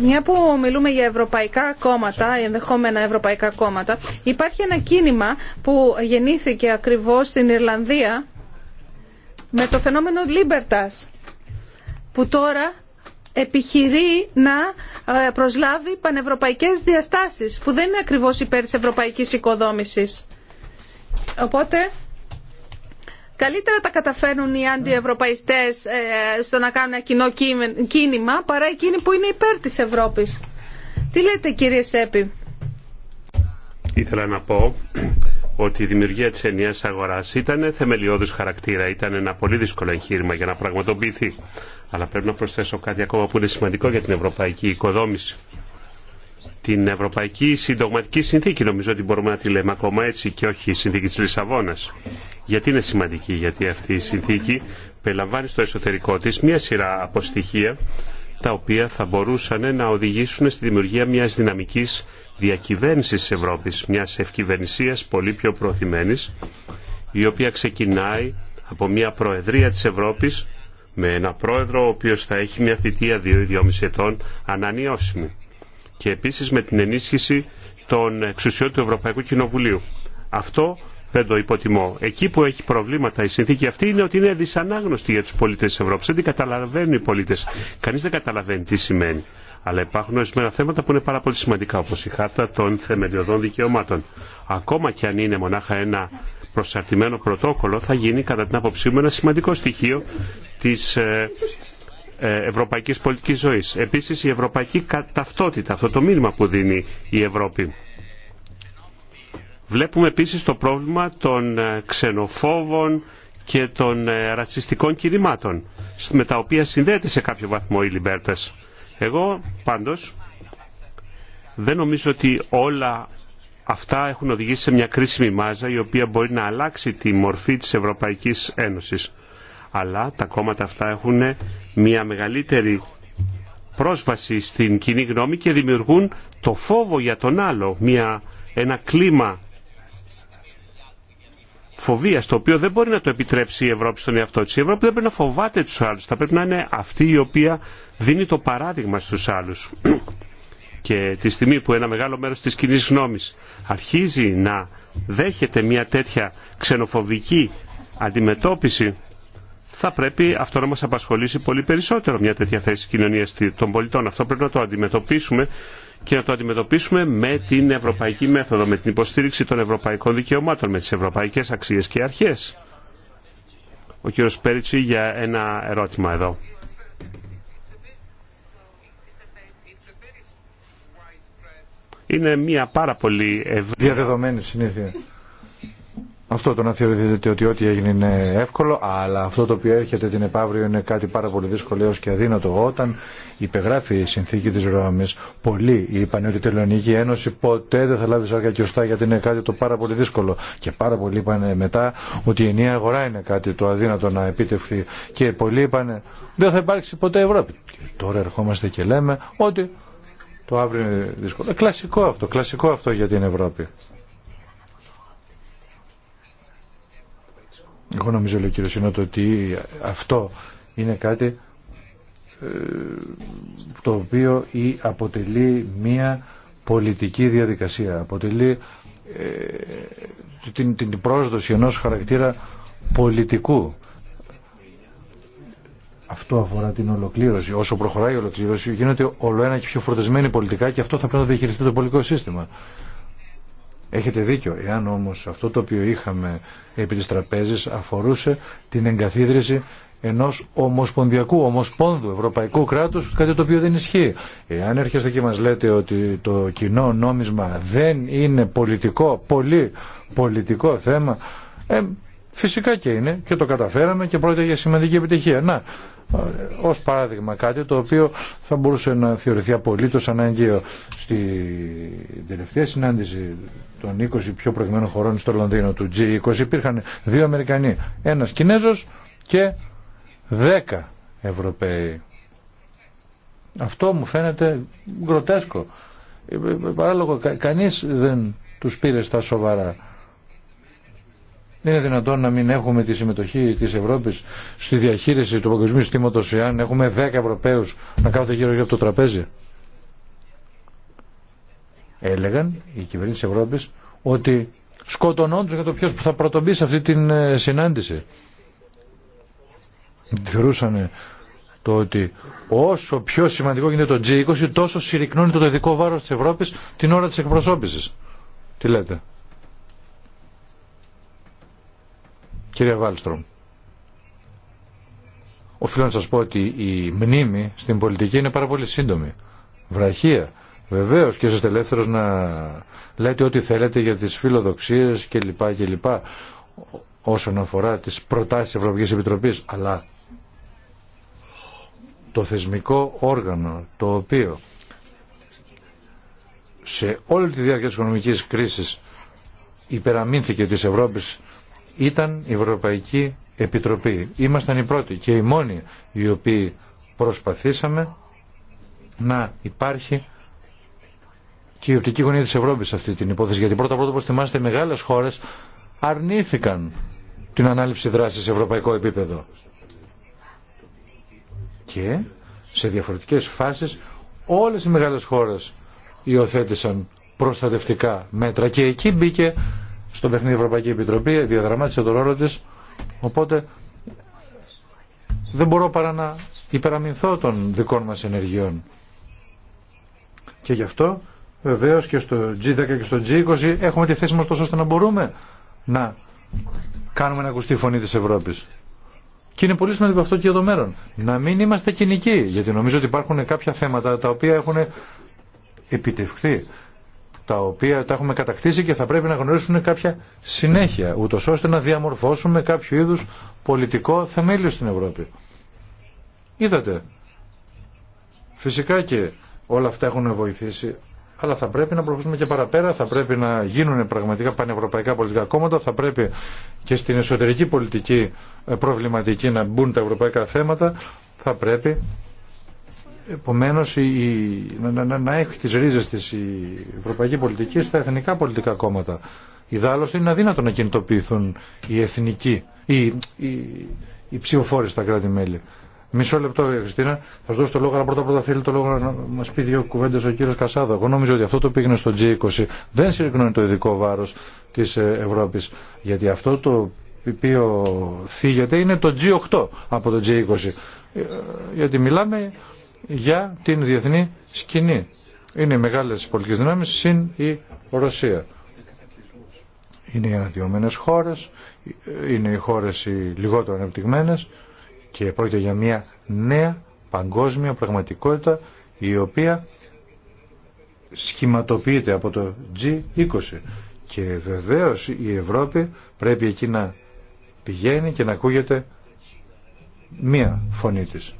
μια που μιλούμε για ευρωπαϊκά κόμματα, ενδεχόμενα ευρωπαϊκά κόμματα, υπάρχει ένα κίνημα που γεννήθηκε ακριβώς στην Ιρλανδία με το φαινόμενο Λίμπερτας που τώρα επιχειρεί να προσλάβει πανευρωπαϊκές διαστάσεις, που δεν είναι ακριβώς υπέρ της ευρωπαϊκής οικοδόμησης. Οπότε Καλύτερα τα καταφέρνουν οι αντιευρωπαϊστές ε, στο να κάνουν ένα κοινό κίνημα παρά εκείνοι που είναι υπέρ τη Ευρώπης. Τι λέτε κύριε Σέπη. Ήθελα να πω ότι η δημιουργία της ενιαίας αγοράς ήταν θεμελιώδης χαρακτήρα, ήταν ένα πολύ δύσκολο εγχείρημα για να πραγματοποιηθεί. Αλλά πρέπει να προσθέσω κάτι ακόμα που είναι σημαντικό για την ευρωπαϊκή οικοδόμηση την Ευρωπαϊκή Συντογματική Συνθήκη, νομίζω ότι μπορούμε να τη λέμε ακόμα έτσι και όχι η Συνθήκη της Λισαβόνας. Γιατί είναι σημαντική, γιατί αυτή η συνθήκη περιλαμβάνει στο εσωτερικό της μια σειρά από τα οποία θα μπορούσαν να οδηγήσουν στη δημιουργία μιας δυναμικής διακυβέρνησης της Ευρώπης, μιας ευκυβερνησίας πολύ πιο προωθημένης, η οποία ξεκινάει από μια προεδρία της Ευρώπης με ένα πρόεδρο ο οποίος θα έχει μια θητεία 2-2,5 ετών ανανιώσιμη και επίσης με την ενίσχυση των εξουσιών του Ευρωπαϊκού Κοινοβουλίου. Αυτό δεν το υποτιμώ. Εκεί που έχει προβλήματα η συνθήκη αυτή είναι ότι είναι δυσανάγνωστη για τους πολίτες της Ευρώπης. Δεν την καταλαβαίνουν οι πολίτες. Κανείς δεν καταλαβαίνει τι σημαίνει. Αλλά υπάρχουν ορισμένα θέματα που είναι πάρα πολύ σημαντικά, όπως η χάρτα των θεμελιωδών δικαιωμάτων. Ακόμα και αν είναι μονάχα ένα προσαρτημένο πρωτόκολλο, θα γίνει κατά την άποψή μου ένα σημαντικό στοιχείο τη. Ε, ε, ευρωπαϊκής πολιτικής ζωής. Επίσης η ευρωπαϊκή ταυτότητα, αυτό το μήνυμα που δίνει η Ευρώπη. Βλέπουμε επίσης το πρόβλημα των ε, ξενοφόβων και των ε, ρατσιστικών κινημάτων, με τα οποία συνδέεται σε κάποιο βαθμό η Λιμπέρτα. Εγώ πάντως δεν νομίζω ότι όλα αυτά έχουν οδηγήσει σε μια κρίσιμη μάζα η οποία μπορεί να αλλάξει τη μορφή της Ευρωπαϊκής Ένωσης αλλά τα κόμματα αυτά έχουν μια μεγαλύτερη πρόσβαση στην κοινή γνώμη και δημιουργούν το φόβο για τον άλλο, μια, ένα κλίμα φοβία, το οποίο δεν μπορεί να το επιτρέψει η Ευρώπη στον εαυτό τη. Η Ευρώπη δεν πρέπει να φοβάται του άλλου. Θα πρέπει να είναι αυτή η οποία δίνει το παράδειγμα στου άλλου. Και τη στιγμή που ένα μεγάλο μέρο τη κοινή γνώμη αρχίζει να δέχεται μια τέτοια ξενοφοβική αντιμετώπιση θα πρέπει αυτό να μας απασχολήσει πολύ περισσότερο μια τέτοια θέση κοινωνίας των πολιτών. Αυτό πρέπει να το αντιμετωπίσουμε και να το αντιμετωπίσουμε με την ευρωπαϊκή μέθοδο, με την υποστήριξη των ευρωπαϊκών δικαιωμάτων, με τις ευρωπαϊκές αξίες και αρχές. Ο κύριος Πέριτσι για ένα ερώτημα εδώ. Είναι μια πάρα πολύ ευρύ... διαδεδομένη συνήθεια αυτό το να θεωρηθείτε ότι ό,τι έγινε είναι εύκολο, αλλά αυτό το οποίο έρχεται την επαύριο είναι κάτι πάρα πολύ δύσκολο έως και αδύνατο. Όταν υπεγράφει η συνθήκη της Ρώμης, πολλοί είπαν ότι η Τελωνική Ένωση ποτέ δεν θα λάβει σάρκα και οστά γιατί είναι κάτι το πάρα πολύ δύσκολο. Και πάρα πολλοί είπαν μετά ότι η ενιαία αγορά είναι κάτι το αδύνατο να επιτευχθεί. Και πολλοί είπαν δεν θα υπάρξει ποτέ Ευρώπη. Και τώρα ερχόμαστε και λέμε ότι το αύριο είναι δύσκολο. Κλασικό αυτό, κλασικό αυτό για την Ευρώπη. Εγώ νομίζω, λέει ο κύριος Συνότο, ότι αυτό είναι κάτι ε, το οποίο ή αποτελεί μία πολιτική διαδικασία. Αποτελεί ε, την, την πρόσδοση ενός χαρακτήρα πολιτικού. Αυτό αφορά την ολοκλήρωση. Όσο προχωράει η ολοκλήρωση, γίνεται όλο ένα και πιο φορτισμένη πολιτικά και αυτό θα πρέπει να διαχειριστεί το πολιτικό σύστημα. Έχετε δίκιο. Εάν όμως αυτό το οποίο είχαμε επί της τραπέζης αφορούσε την εγκαθίδρυση ενός ομοσπονδιακού, ομοσπόνδου ευρωπαϊκού κράτους, κάτι το οποίο δεν ισχύει. Εάν έρχεστε και μας λέτε ότι το κοινό νόμισμα δεν είναι πολιτικό, πολύ πολιτικό θέμα, ε, φυσικά και είναι και το καταφέραμε και πρόκειται για σημαντική επιτυχία. Να, ως παράδειγμα κάτι το οποίο θα μπορούσε να θεωρηθεί απολύτως αναγκαίο. Στη τελευταία συνάντηση των 20 πιο προηγμένων χωρών στο Λονδίνο του G20 υπήρχαν δύο Αμερικανοί, ένας Κινέζος και δέκα Ευρωπαίοι. Αυτό μου φαίνεται γκροτέσκο. Ε, ε, παράλογο, κα, κανείς δεν τους πήρε στα σοβαρά. Δεν είναι δυνατόν να μην έχουμε τη συμμετοχή της Ευρώπης στη διαχείριση του παγκοσμίου συστήματος εάν έχουμε 10 Ευρωπαίους να κάθονται γύρω γύρω από το τραπέζι. Έλεγαν οι κυβερνήσεις της Ευρώπης ότι σκοτωνόντουσαν για το ποιος θα πρωτομπεί σε αυτή την ε, συνάντηση. Θεωρούσαν ε, το ότι όσο πιο σημαντικό γίνεται το G20 τόσο συρρυκνώνεται το ειδικό βάρος της Ευρώπης την ώρα της εκπροσώπησης. Τι λέτε. Κύριε Βάλστρομ, οφείλω να σας πω ότι η μνήμη στην πολιτική είναι πάρα πολύ σύντομη. Βραχία. Βεβαίω και είστε ελεύθερο να λέτε ό,τι θέλετε για και φιλοδοξίε κλπ. όσον αφορά τις προτάσεις της Ευρωπαϊκή Επιτροπή. Αλλά το θεσμικό όργανο το οποίο σε όλη τη διάρκεια της οικονομικής κρίσης υπεραμείνθηκε της Ευρώπης ήταν η Ευρωπαϊκή Επιτροπή. Ήμασταν οι πρώτοι και οι μόνοι οι οποίοι προσπαθήσαμε να υπάρχει και η οπτική γωνία της Ευρώπης σε αυτή την υπόθεση. Γιατί πρώτα πρώτα, όπως θυμάστε, μεγάλες χώρες αρνήθηκαν την ανάληψη δράσης σε ευρωπαϊκό επίπεδο. Και σε διαφορετικές φάσεις όλες οι μεγάλες χώρες υιοθέτησαν προστατευτικά μέτρα και εκεί μπήκε στο παιχνίδι Ευρωπαϊκή Επιτροπή, διαδραμάτισε τον ρόλο τη. οπότε δεν μπορώ παρά να υπεραμεινθώ των δικών μας ενεργειών. Και γι' αυτό βεβαίως και στο G10 και στο G20 έχουμε τη θέση μας τόσο ώστε να μπορούμε να κάνουμε να ακουστεί η φωνή της Ευρώπης. Και είναι πολύ σημαντικό αυτό και για το μέλλον. Να μην είμαστε κοινικοί, γιατί νομίζω ότι υπάρχουν κάποια θέματα τα οποία έχουν επιτευχθεί τα οποία τα έχουμε κατακτήσει και θα πρέπει να γνωρίσουν κάποια συνέχεια, ούτω ώστε να διαμορφώσουμε κάποιο είδους πολιτικό θεμέλιο στην Ευρώπη. Είδατε. Φυσικά και όλα αυτά έχουν βοηθήσει, αλλά θα πρέπει να προχωρήσουμε και παραπέρα, θα πρέπει να γίνουν πραγματικά πανευρωπαϊκά πολιτικά κόμματα, θα πρέπει και στην εσωτερική πολιτική ε, προβληματική να μπουν τα ευρωπαϊκά θέματα, θα πρέπει Επομένω, η, να, να, να, έχει τι ρίζε της η ευρωπαϊκή πολιτική στα εθνικά πολιτικά κόμματα. Ιδάλω, είναι αδύνατο να κινητοποιηθούν οι εθνικοί, οι, οι, οι ψηφοφόροι στα κράτη-μέλη. Μισό λεπτό, Χριστίνα. Θα σου δώσω το λόγο, αλλά πρώτα πρώτα θέλει το λόγο να μα πει δύο κουβέντε ο κύριο Κασάδο. Εγώ νομίζω ότι αυτό το πήγαινε στο G20 δεν συρρυκνώνει το ειδικό βάρο τη ε, Ευρώπη. Γιατί αυτό το οποίο θίγεται είναι το G8 από το G20. Ε, ε, γιατί μιλάμε για την διεθνή σκηνή. Είναι οι μεγάλες πολιτικές δυνάμεις συν η Ρωσία. Είναι οι αναδυόμενες χώρες, είναι οι χώρες οι λιγότερο ανεπτυγμένες και πρόκειται για μια νέα παγκόσμια πραγματικότητα η οποία σχηματοποιείται από το G20 και βεβαίως η Ευρώπη πρέπει εκεί να πηγαίνει και να ακούγεται μία φωνή της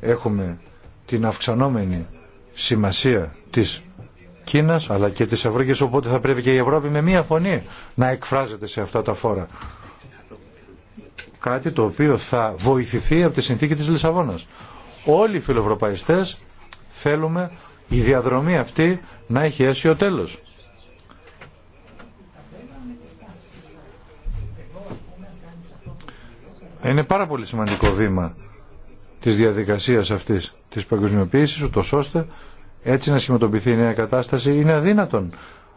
έχουμε την αυξανόμενη σημασία της Κίνας αλλά και της Ευρώπης οπότε θα πρέπει και η Ευρώπη με μία φωνή να εκφράζεται σε αυτά τα φόρα. Κάτι το οποίο θα βοηθηθεί από τη συνθήκη της Λισαβόνας. Όλοι οι φιλοευρωπαϊστές θέλουμε η διαδρομή αυτή να έχει ο τέλος. Είναι πάρα πολύ σημαντικό βήμα Τη διαδικασία αυτή τη παγκοσμιοποίηση, ούτω ώστε έτσι να σχηματοποιηθεί η νέα κατάσταση. Είναι αδύνατον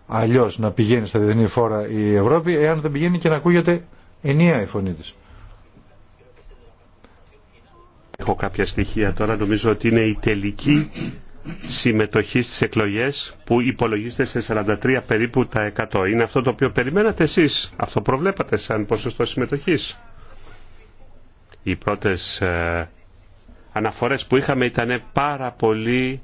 αλλιώ να πηγαίνει στα διεθνή φόρα η Ευρώπη, εάν δεν πηγαίνει και να ακούγεται ενιαία η φωνή τη. Έχω κάποια στοιχεία τώρα, νομίζω ότι είναι η τελική συμμετοχή στις εκλογές που υπολογίζεται σε 43 περίπου τα 100. Είναι αυτό το οποίο περιμένατε εσείς, αυτό προβλέπατε σαν ποσοστό συμμετοχής. Οι πρώτες ε, αναφορές που είχαμε ήταν πάρα πολύ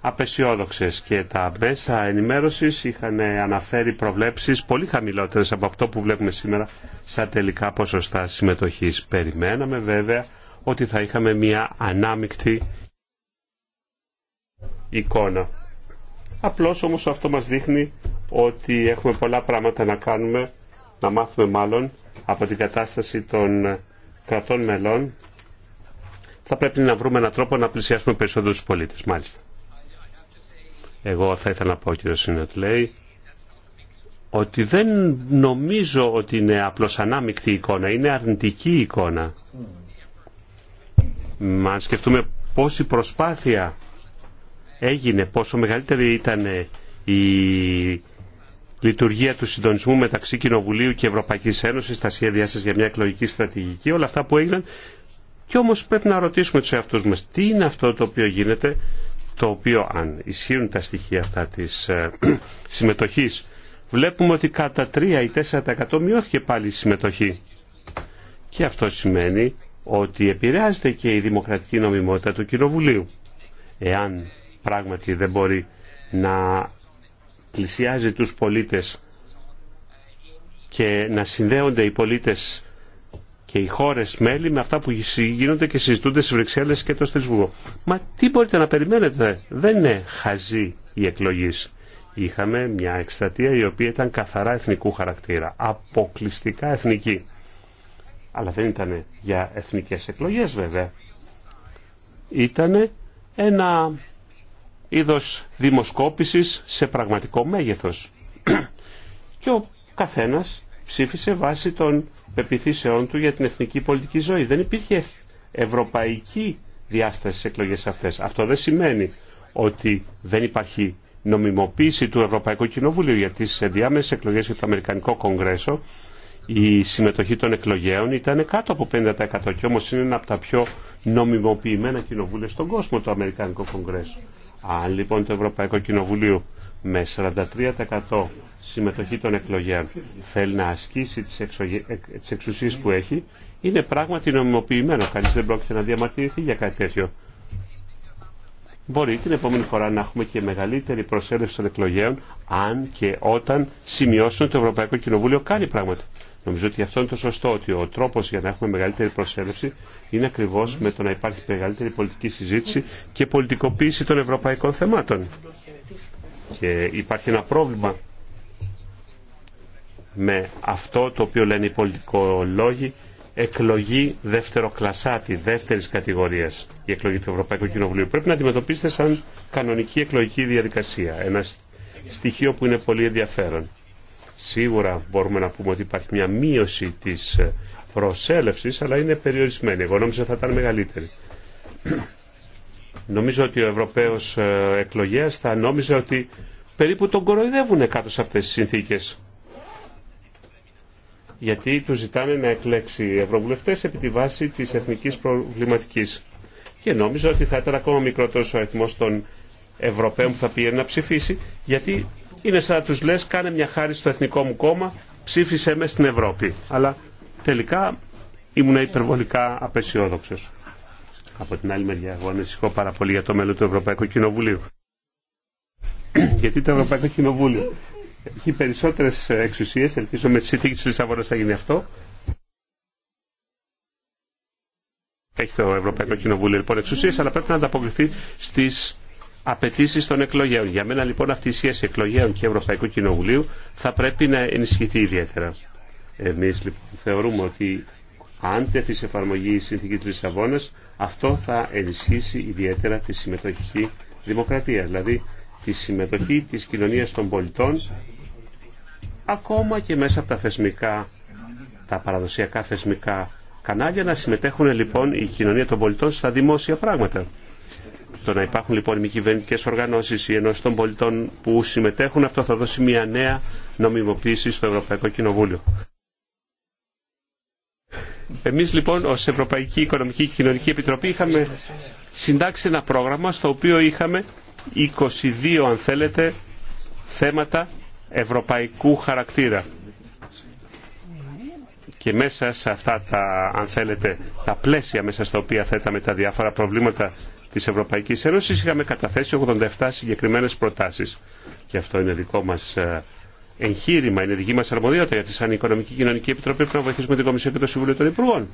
απεσιόδοξες και τα μέσα ενημέρωσης είχαν αναφέρει προβλέψεις πολύ χαμηλότερες από αυτό που βλέπουμε σήμερα σαν τελικά ποσοστά συμμετοχής. Περιμέναμε βέβαια ότι θα είχαμε μια ανάμεικτη εικόνα. Απλώς όμως αυτό μας δείχνει ότι έχουμε πολλά πράγματα να κάνουμε, να μάθουμε μάλλον από την κατάσταση των κρατών μελών θα πρέπει να βρούμε έναν τρόπο να πλησιάσουμε περισσότερο πολίτες. Μάλιστα. Εγώ θα ήθελα να πω, κύριο Σίνετ, λέει, ότι δεν νομίζω ότι είναι απλώς ανάμεικτη εικόνα, είναι αρνητική εικόνα. Μα Αν σκεφτούμε πόση προσπάθεια έγινε, πόσο μεγαλύτερη ήταν η λειτουργία του συντονισμού μεταξύ Κοινοβουλίου και Ευρωπαϊκής Ένωσης, τα σχέδιά σας για μια εκλογική στρατηγική, όλα αυτά που έγιναν και όμως πρέπει να ρωτήσουμε τους εαυτούς μας τι είναι αυτό το οποίο γίνεται, το οποίο αν ισχύουν τα στοιχεία αυτά της ε, συμμετοχής, βλέπουμε ότι κατά 3 ή 4% μειώθηκε πάλι η συμμετοχή. Και αυτό σημαίνει ότι επηρεάζεται και η δημοκρατική νομιμότητα του Κοινοβουλίου. Εάν πράγματι δεν μπορεί να πλησιάζει τους πολίτες και να συνδέονται οι πολίτες και οι χώρες μέλη με αυτά που γίνονται και συζητούνται στις Βρυξέλλες και το Στρισβούργο. Μα τι μπορείτε να περιμένετε, δεν είναι χαζή η εκλογής. Είχαμε μια εκστατεία η οποία ήταν καθαρά εθνικού χαρακτήρα, αποκλειστικά εθνική. Αλλά δεν ήταν για εθνικές εκλογές βέβαια. Ήταν ένα είδος δημοσκόπησης σε πραγματικό μέγεθος. και ο καθένας ψήφισε βάσει των πεπιθήσεών του για την εθνική πολιτική ζωή. Δεν υπήρχε ευρωπαϊκή διάσταση στις εκλογές αυτές. Αυτό δεν σημαίνει ότι δεν υπάρχει νομιμοποίηση του Ευρωπαϊκού Κοινοβουλίου γιατί σε διάμεσες εκλογές για το Αμερικανικό Κογκρέσο η συμμετοχή των εκλογέων ήταν κάτω από 50% και όμως είναι ένα από τα πιο νομιμοποιημένα κοινοβούλια στον κόσμο το Αμερικανικό Κογκρέσο. Αν λοιπόν το Ευρωπαϊκό Κοινοβουλίο με 43% συμμετοχή των εκλογέων θέλει να ασκήσει τις, εξογε... εξουσίες που έχει, είναι πράγματι νομιμοποιημένο. Κανείς δεν πρόκειται να διαμαρτυρηθεί για κάτι τέτοιο. Μπορεί την επόμενη φορά να έχουμε και μεγαλύτερη προσέλευση των εκλογέων, αν και όταν σημειώσουν το Ευρωπαϊκό Κοινοβούλιο κάνει πράγματα. Νομίζω ότι αυτό είναι το σωστό, ότι ο τρόπο για να έχουμε μεγαλύτερη προσέλευση είναι ακριβώ με το να υπάρχει μεγαλύτερη πολιτική συζήτηση και πολιτικοποίηση των ευρωπαϊκών θεμάτων. Και υπάρχει ένα πρόβλημα με αυτό το οποίο λένε οι πολιτικολόγοι εκλογή δευτεροκλασάτη, δεύτερης κατηγορίας η εκλογή του Ευρωπαϊκού Κοινοβουλίου. Πρέπει να αντιμετωπίσετε σαν κανονική εκλογική διαδικασία, ένα στοιχείο που είναι πολύ ενδιαφέρον. Σίγουρα μπορούμε να πούμε ότι υπάρχει μια μείωση της ε, προσέλευσης, αλλά είναι περιορισμένη. Εγώ νόμιζα θα ήταν μεγαλύτερη. Νομίζω ότι ο Ευρωπαίος ε, εκλογέας θα νόμιζε ότι περίπου τον κοροϊδεύουν κάτω σε αυτές τις συνθήκες γιατί του ζητάνε να εκλέξει ευρωβουλευτέ επί τη βάση τη εθνική προβληματική. Και νόμιζα ότι θα ήταν ακόμα μικρότερο ο αριθμό των Ευρωπαίων που θα πήγαινε να ψηφίσει, γιατί είναι σαν να του λες κάνε μια χάρη στο εθνικό μου κόμμα, ψήφισε με στην Ευρώπη. Αλλά τελικά ήμουν υπερβολικά απεσιόδοξος. Από την άλλη μεριά, εγώ ανησυχώ πάρα πολύ για το μέλλον του Ευρωπαϊκού Κοινοβουλίου. γιατί το Ευρωπαϊκό Κοινοβούλιο έχει περισσότερε εξουσίε. ελπίζω με τη συνθήκη τη Λισαβόνα θα γίνει αυτό. Έχει το Ευρωπαϊκό Κοινοβούλιο λοιπόν εξουσίες, αλλά πρέπει να ανταποκριθεί στι απαιτήσει των εκλογέων. Για μένα λοιπόν αυτή η σχέση εκλογέων και Ευρωπαϊκού Κοινοβουλίου θα πρέπει να ενισχυθεί ιδιαίτερα. Εμεί λοιπόν θεωρούμε ότι αν τέθει σε εφαρμογή η συνθήκη τη Λισαβόνα, αυτό θα ενισχύσει ιδιαίτερα τη συμμετοχική δημοκρατία. Δηλαδή τη συμμετοχή της κοινωνίας των πολιτών ακόμα και μέσα από τα θεσμικά, τα παραδοσιακά θεσμικά κανάλια να συμμετέχουν λοιπόν η κοινωνία των πολιτών στα δημόσια πράγματα. Το να υπάρχουν λοιπόν μη κυβερνητικέ οργανώσει ή ενώσει των πολιτών που συμμετέχουν, αυτό θα δώσει μια νέα νομιμοποίηση στο Ευρωπαϊκό Κοινοβούλιο. Εμείς λοιπόν ως Ευρωπαϊκή Οικονομική και Κοινωνική Επιτροπή είχαμε συντάξει ένα πρόγραμμα στο οποίο είχαμε 22 αν θέλετε θέματα ευρωπαϊκού χαρακτήρα. Και μέσα σε αυτά τα, αν θέλετε, τα πλαίσια μέσα στα οποία θέταμε τα διάφορα προβλήματα της Ευρωπαϊκής Ένωσης είχαμε καταθέσει 87 συγκεκριμένες προτάσεις. Και αυτό είναι δικό μας ε, εγχείρημα, είναι δική μας αρμοδιότητα γιατί σαν Οικονομική Κοινωνική Επιτροπή πρέπει να βοηθήσουμε την Κομισιόν και το Συμβούλιο των Υπουργών.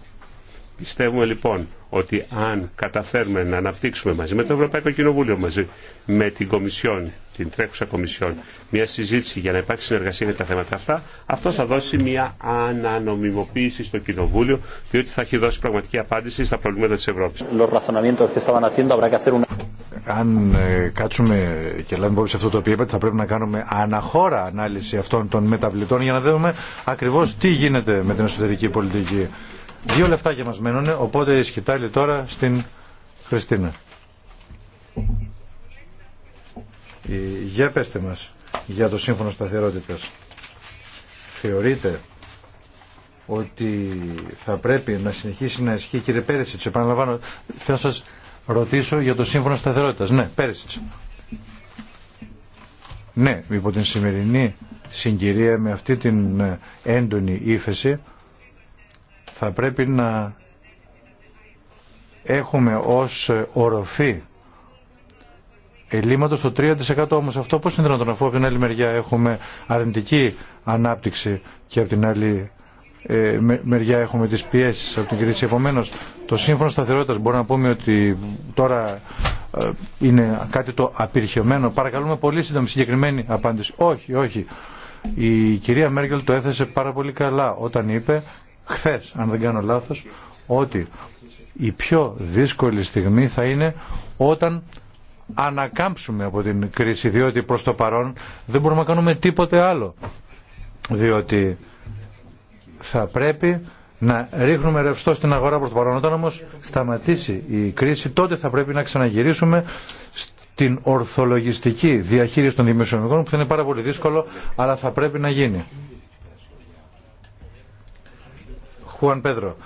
Πιστεύουμε λοιπόν ότι αν καταφέρουμε να αναπτύξουμε μαζί με το Ευρωπαϊκό Κοινοβούλιο, μαζί με την Κομισιόν, την τρέχουσα Κομισιόν, μια συζήτηση για να υπάρξει συνεργασία για τα θέματα αυτά, αυτό θα δώσει μια ανανομιμοποίηση στο Κοινοβούλιο, διότι θα έχει δώσει πραγματική απάντηση στα προβλήματα τη Ευρώπη. Αν ε, κάτσουμε και λάβουμε υπόψη αυτό το οποίο είπατε, θα πρέπει να κάνουμε αναχώρα ανάλυση αυτών των μεταβλητών για να δούμε ακριβώ τι γίνεται με την εσωτερική πολιτική. Δύο λεφτάκια μας μένουν, οπότε η σκητάλη τώρα στην Χριστίνα. Για πέστε μας για το σύμφωνο σταθερότητας. Θεωρείτε ότι θα πρέπει να συνεχίσει να ισχύει, κύριε τις επαναλαμβάνω, θέλω να σας ρωτήσω για το σύμφωνο σταθερότητας. Ναι, Πέρεσιτς. Ναι, υπό την σημερινή συγκυρία με αυτή την ε, έντονη ύφεση θα πρέπει να έχουμε ως οροφή ελλείμματο το 3% όμως αυτό πώς είναι δυνατόν αφού από την άλλη μεριά έχουμε αρνητική ανάπτυξη και από την άλλη ε, μεριά έχουμε τις πιέσεις από την κρίση. Επομένως, το σύμφωνο σταθερότητας μπορούμε να πούμε ότι τώρα ε, είναι κάτι το απειρχιωμένο. Παρακαλούμε πολύ σύντομη συγκεκριμένη απάντηση. Όχι, όχι. Η κυρία Μέρκελ το έθεσε πάρα πολύ καλά όταν είπε χθες, αν δεν κάνω λάθος, ότι η πιο δύσκολη στιγμή θα είναι όταν ανακάμψουμε από την κρίση, διότι προς το παρόν δεν μπορούμε να κάνουμε τίποτε άλλο. Διότι θα πρέπει να ρίχνουμε ρευστό στην αγορά προς το παρόν. Όταν όμως σταματήσει η κρίση, τότε θα πρέπει να ξαναγυρίσουμε στην ορθολογιστική διαχείριση των δημοσιονομικών, που θα είναι πάρα πολύ δύσκολο, αλλά θα πρέπει να γίνει. Χουάν Πέδρο.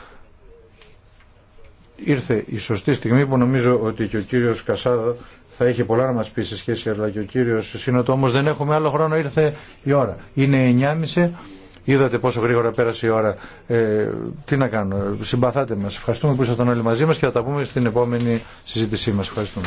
Ήρθε η σωστή στιγμή που νομίζω ότι και ο κύριος Κασάδο θα είχε πολλά να μας πει σε σχέση αλλά και ο κύριος Σύνοτο όμως δεν έχουμε άλλο χρόνο ήρθε η ώρα. Είναι 9.30 Είδατε πόσο γρήγορα πέρασε η ώρα. Ε, τι να κάνω. Συμπαθάτε μας. Ευχαριστούμε που ήσασταν όλοι μαζί μας και θα τα πούμε στην επόμενη συζήτησή μας. Ευχαριστούμε.